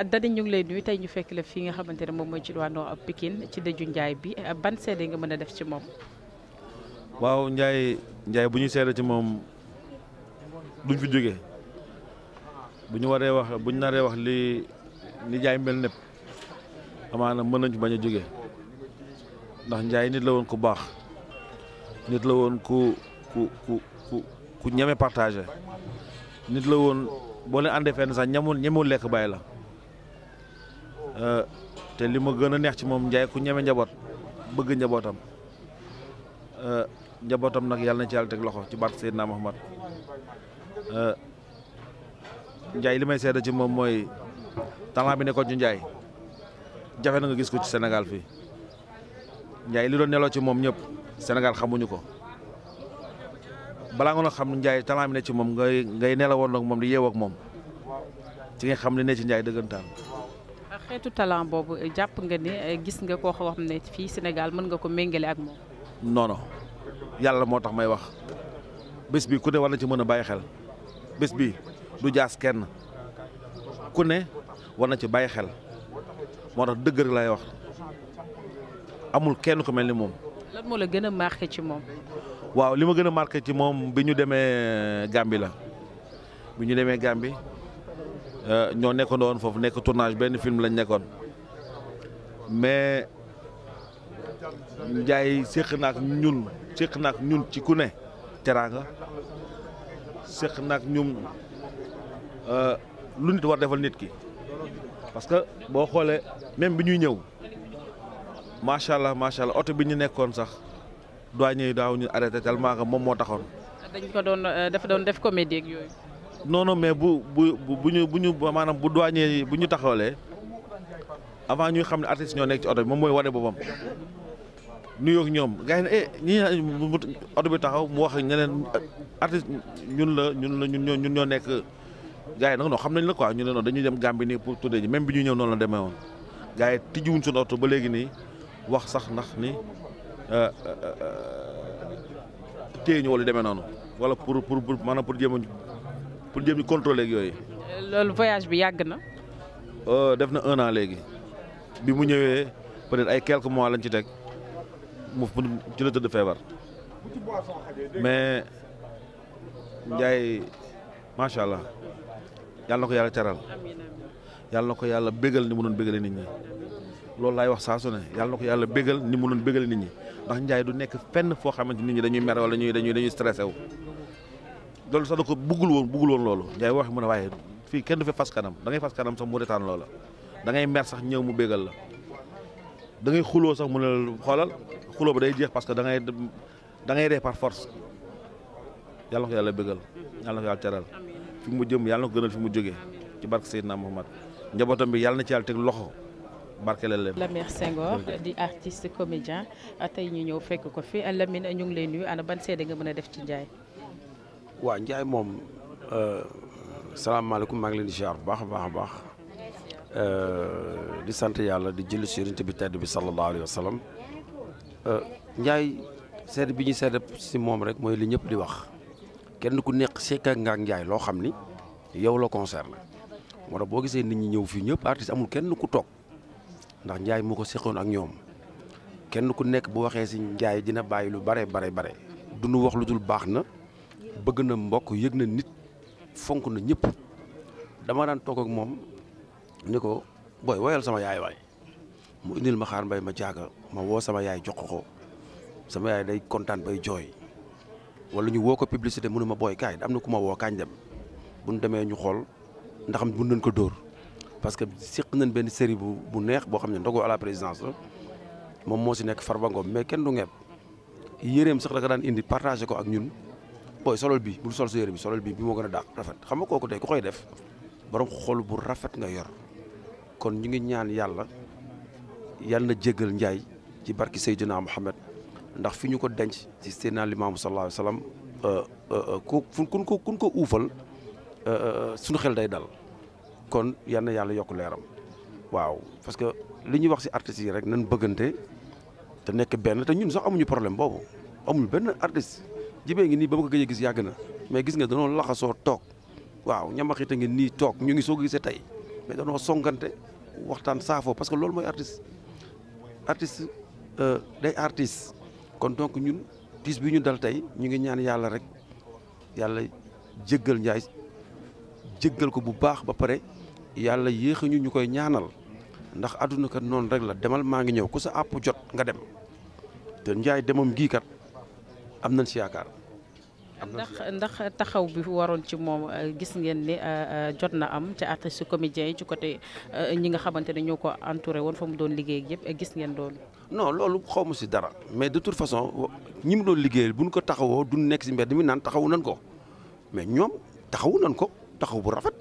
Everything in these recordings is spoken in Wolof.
Dadi ñu ngi lay nuyu tey ñu fekk la fii nga xamante ne moom mooy ci diwaanu Pikine ci dëju Ndiaye bi ban seede nga mën a def ci moom. waaw njaay njaay bu ñu seede moom duñ fi jógee bu ñu waree wax bu naree wax li li Ndiaye mel népp amaana mën nañ ci bañ a jóge ndax njaay nit la woon ku baax nit la woon ku ku ku ku ku ñeme partagé nit la woon boo leen àndee fenn sax ñamul ñemul lekk bàyyi la. Euh, te li ma gën a neex ci moom Ndiaye ku ñeme njaboot bëgg njabootam euh, njabootam nag yàlla na ci yàlla teg loxo ci barke Seydina Muhammad euh, Ndiaye li may seede ci moom mooy talent bi nekkoon ci njaay jafe na nga gis ko ci senegal fii Ndiaye li doon neloo ci moom ñëpp Sénégal xamuñu ko balaa nga xam Ndiaye talent bi ne ci moom ngay ngay nelawoon ak moom di yeewoo ak moom ci nga xam ne ne ci Ndiaye dëggantaan. xeetu talent boobu eh, jàpp nga ne eh, gis nga koo xam ne fii senegal mën nga ko méngale ak moom. non yàlla moo tax may wax bés bi ku ne war na ci mën a bàyyi xel bés bi du jaas kenn ku ne war na ci bàyyi xel moo tax dëgg rek lay wax amul kenn ku mel ni moom. lan la gën a marqué ci moom. waaw li ma gën a marqué ci moom bi ñu demee Gambie la bi ñu demee Gambie. Euh, ñoo nekkoon woon foofu nekk tournage benn film lañ nekkoon mais Ndiaye séq na ak ñun séq na ak ñun ci ku ne teraanga séq na ak ñun euh, lu nit war defal nit ki parce que boo xoolee même bi ñuy ñëw macha allah macha allah oto bi ñu nekkoon sax douanier yi daaw ñu arrêté tellement que moom moo taxoon. noonu mais bu bu bu ñu bu ñu maanaam bu douanier bu ñu taxawalee avant ñuy xam ne artistes ñoo nekk ci oto bi moom mooy wane boppam nuyoo ak ñoom gars ne eh ñii oto bi taxaw mu wax ñeneen artiste ñun la ñun la ñun ñoo ñun ñoo nekk gars yi nag xam nañ la quoi ñu ne non dañuy dem Gambie nii pour tuddee ji même bi ñu ñëw noonu la demee woon gars yi tijjiwuñ suñu oto ba léegi nii wax sax ndax ni euh, euh, euh, téye ñu wala demee noonu wala pour pour pour maanaam pour jéem a pour jëm ñu contrôler ak yooyu. loolu voyage bi yàgg na. Euh, def na un léegi bi mu ñëwee peut-être ay quelques mois lañ ci teg mu ci la tëdd feebar mais Ndiaye macha allah yàlla na ko yàlla teral yàlla na ko yàlla bégal ni mu doon bégalee nit ñi loolu laay wax saa ne yàlla na ko yàlla bégal ni mu doon bégalee nit ñi ndax njaay du nekk fenn foo xamante nit ñi dañuy mer wala ñuy dañuy dañuy stressé wu. loolu sax da ko buggul woon buggul woon loolu Ndiaye wax mu ne waaye fii kenn du fi fas kanam da ngay fas kanam sax mu retaan loola da mer sax ñëw mu bégal la da ngay xuloo sax mu ne xoolal xuloo ba day jeex parce que da ngay da dangay ree par force yàlla na ko yàlla bégal yàlla na ko yàlla teral fi mu jëm yàlla na ko gënal fi mu jógee ci barke Seydina Muhammad njabootam bi yàlla na ci yàlla teg loxo. Lamine Senghor di artiste comédien tey ñu ñëw fekk ko fi Lamine ñu ngi lay nuyu ana ban seede nga mën a def ci Ndiaye waaw njaay moom euh, salaamaaleykum maa ngi leen di ziar bu baax a baax a baax euh, di sant yàlla di jël si yonent bi tedd bi sallallahu alayhi wa sallam euh, Ndiaye seede bi ñu seede si moom rek mooy li ñëpp di wax kenn ku nekk sekk ak nga loo xam ni yow la concerné moo boo gisee nit ñi ñëw fii ñëpp artiste amul kenn ku toog ndax Ndiaye moo ko seqoon ak ñoom kenn ku nekk bu waxee si Ndiaye dina bàyyi lu bare bare bare du nu wax lu dul baax na. bëgg na mbokk yëg na nit fonk na ñëpp dama daan toog ak moom ni ko booy woyal sama yaay waay mu indil ma xaar mbay ma jaaga ma woo sama yaay jox ko sama yaay day kontaan bay jooy wala ñu woo ko publicité mënu ma booy kaay am na ku ma woo kaañ dem bu nu demee ñu xool ndax mun nañ ko dóor parce que seq nañ benn série bu bu neex boo xam ne ndogu à la présidence moom moo si nekk Farba Ngom mais kenn du ngeeb yéreem sax da ko daan indi partagé ko ak ñun. booy solol bi bul sol sa yére bi solol bi bi moo gën a daax rafet xam nga kooku tey ku koy def borom xol bu rafet nga yor kon ñu ngi ñaan yàlla yàlla na jéggal njaay ci barki Seydina Muhammad ndax fi ñu ko denc ci Seydina Limaamu sallallahu alayhi wa sallam euh, euh, euh, ku kun ko kun ko uufal suñu xel day dal kon yal na yàlla yokk leeram waaw parce que li ñuy wax ci artistes yi rek nan bëggante te nekk benn te ñun sax amuñu problème boobu amuñu benn artiste jibee ngi nii ba ma ko gëj a gis yàgg na mais gis nga danoo laxasoo toog waaw ñamaxit a ngi nii toog ñu ngi soo ko gisee tey mais danoo songante waxtaan saafoo parce que loolu mooy artiste artiste euh, day artiste kon donc ñun tiis bi ñu dal tey ñu ngi ñaan yàlla rek yàlla jéggal Ndiaye jéggal ko bu baax ba pare yàlla yéex ñu ñu koy ñaanal ndax àdduna kat noonu rek la demal maa ngi ñëw ku sa àpp jot nga dem te Ndiaye demam gii kat am nañ si yaakaar. ndax ndax taxaw bi waroon ci moom euh, gis ngeen ni euh, euh, jot na am ci artistes comédiens yi ci côté ñi nga xamante ne ñoo ko entouré woon fa mu doon liggéey ak yëpp gis ngeen loolu. non loolu xaw ma si dara mais de toute façon ñi mu doon liggéeyal bu ñu ko taxawoo du nekk si mbedd mi naan taxawu nañ ko mais ñoom taxawu nañ ko taxaw bu rafet.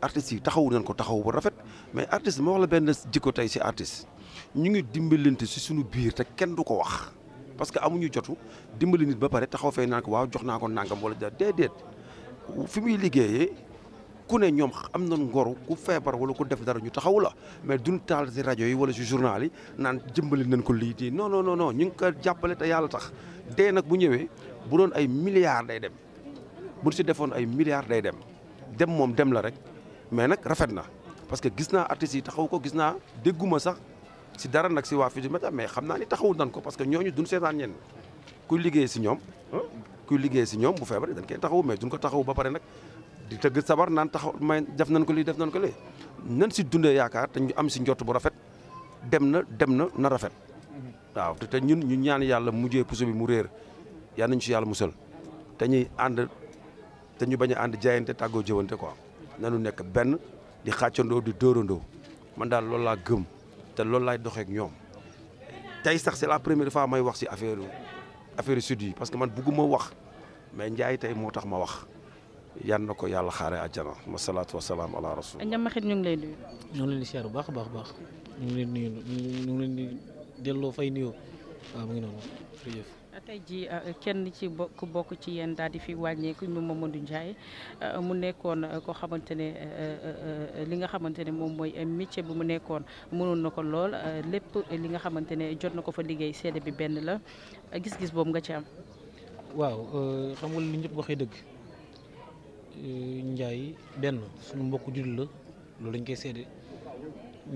artistes yi taxawu nañ ko taxaw bu rafet mais artiste moo wax la benn jikko tey si artiste ñu ngi dimbalante si suñu biir te kenn du ko wax. parce que amuñu jotu dimbali nit ba pare taxaw fee naan ko waaw jox naa ko nangam wala déedéet fi muy liggéeyee ku ne ñoom am nañ ngoru ku feebar wala ku def dara ñu taxaw la mais duñ taal si rajo yi wala si journal yi naan jëmbali nañ ko lii di non non non ñu ngi ko jàppale te yàlla tax dee nag bu ñëwee bu doon ay milliards day dem bu si defoon ay milliards day dem dem moom dem la rek mais nag rafet na parce que gis naa artistes yi taxaw ko gis naa dégguma sax. si dara nag si waa Futurs Médias mais xam naa ni taxawul nan ko parce que ñooñu duñ seetaan ñenn kuy liggéey si ñoom kuy liggéey si ñoom bu feebaree dañ koy taxawu mais duñ ko taxawu ba pare nag di tëgg sabar naan taxaw may def nañ ko lii def nañ ko lii nan si dundee yaakaar te ñu am si njort bu rafet dem na dem na na rafet waaw te te ñun ñu ñaan yàlla mujjee puso bi mu réer yal nañ si yàlla musal te ñuy ànd te ñu bañ a ànd jaayante tàggoo jëwante quoi nanu nekk benn di xàccandoo di dóorandoo man daal loolu laa gëm te loolu laay doxeek ak ñoom tey sax c'est la première fois may wax ci affaire affaire sud yi parce que man bëgguma wax mais Ndiaye tey moo tax ma wax yan na ko yàlla xaaree àjjana wasalaatu wasalaam ala rasul. Ndiamakhate ñu ngi lay ñu ngi leen di siyaar bu baax a baax baax ñu leen di delloo fay nuyoo. waaw mu ngi noonu jërëjëf. tey jii euh, kenn ci bokk bokk ci yéen daal di fi wàññeeku mu Mamadou Ndiaye euh, mu nekkoon euh, koo xamante ne li nga xamante ne moom mooy métier bi mu nekkoon mënoon na ko lool lépp li nga xamante ne jot na ko fa liggéey seede bi benn la gis-gis boobu nga ci am. waaw xam nga li ñëpp waxee dëgg Ndiaye benn suñu mbokk jullit la loolu lañ koy seede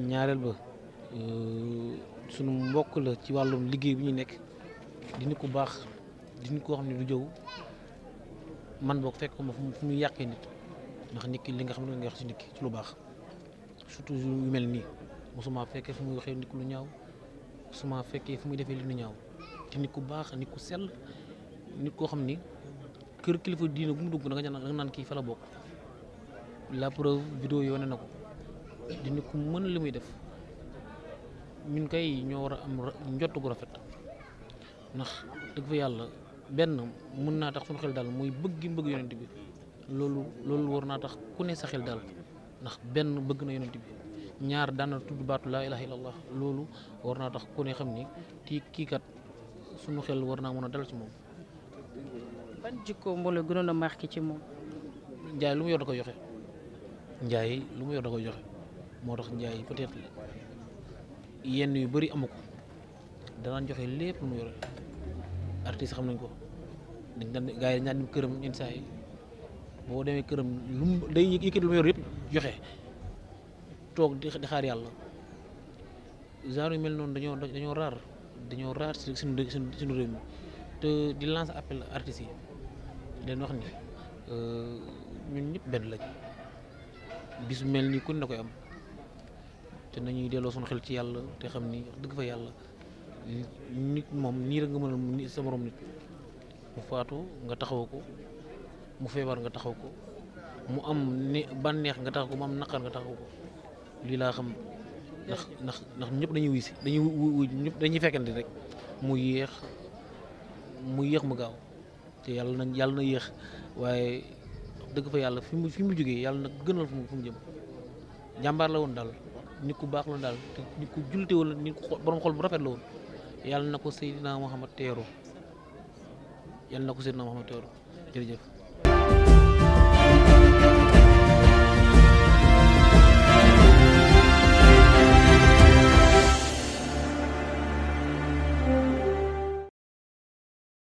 ñaareel ba. sunu mbokk la ci wàllum liggéey bi ñu nekk di nit ku baax di nit koo xam ne du jëw man boo ma fu muy yàqee nit ndax nit ki li nga xam ne nga wax ci nit ki ci lu baax surtout yu mel nii fekkee fu muy waxee nit ku lu ñaaw mosuma fekkee fu muy defee li lu ñaaw ku baax nit ku sell nit koo xam ni kër kilifa diine bu mu dugg danga naan danga naan kii fa la bokk la preuve vidéo na ko di nit ku mën li muy def. ñun kay ñoo war a am njott gu rafet ndax dëgg fa yàlla benn mën naa tax suñu xel daal muy bëgg gi bëgg yonent bi loolu loolu war naa tax ku ne sa xel daal ndax benn bëgg na yonent bi ñaar daan na tudd baatu laa ilaha illallah loolu war naa tax ku ne xam ni kii kiikat kat suñu xel war naa mën a dal ci moom. ban jikko mbooloo gënoon a marqué ci moom. Njaay lu mu yor da koy joxe Njaay lu mu yor da koy joxe moo tax Njaay peut-être. yenn yu bëri amu ko danaan joxe lépp lu mu yore artiste xam nañ ko dañ daan gars yi këram yenn saa yi boo demee këram lu mu day yëkkati lu mu yor yëpp joxe toog di xaar yàlla genre yu mel noonu dañoo dañoo raar dañoo raar si suñu suñu réew mi te di lancer appel artistes yi leen wax ni euh, ñun ñëpp benn lañ bis mel ni kun na koy am te nañuy delloo suñu xel ci yàlla te xam ni dëgg fa yàlla nit moom nii rek nga mën a sa morom nit mu faatu nga taxaw ko mu feebar nga taxaw ko mu am ne bànneex nga taxaw ko mu am naqar nga taxaw ko lii laa xam ndax ndax ñëpp dañuy wuy si dañuy wuy ñëpp dañuy fekkante rek mu yéex mu yéex mu gaaw te yàlla na yàlla na yéex waaye dëgg fa yàlla fi mu fi mu jógee yàlla na gënal fu mu jëm jàmbaar la woon daal. nit ku baax la daal te nit ku jullite woon nit ku borom xol bu rafet la woon yàlla na ko Seydina Muhammad teeru yàlla na ko Seydina Muhammad teeru jërëjëf.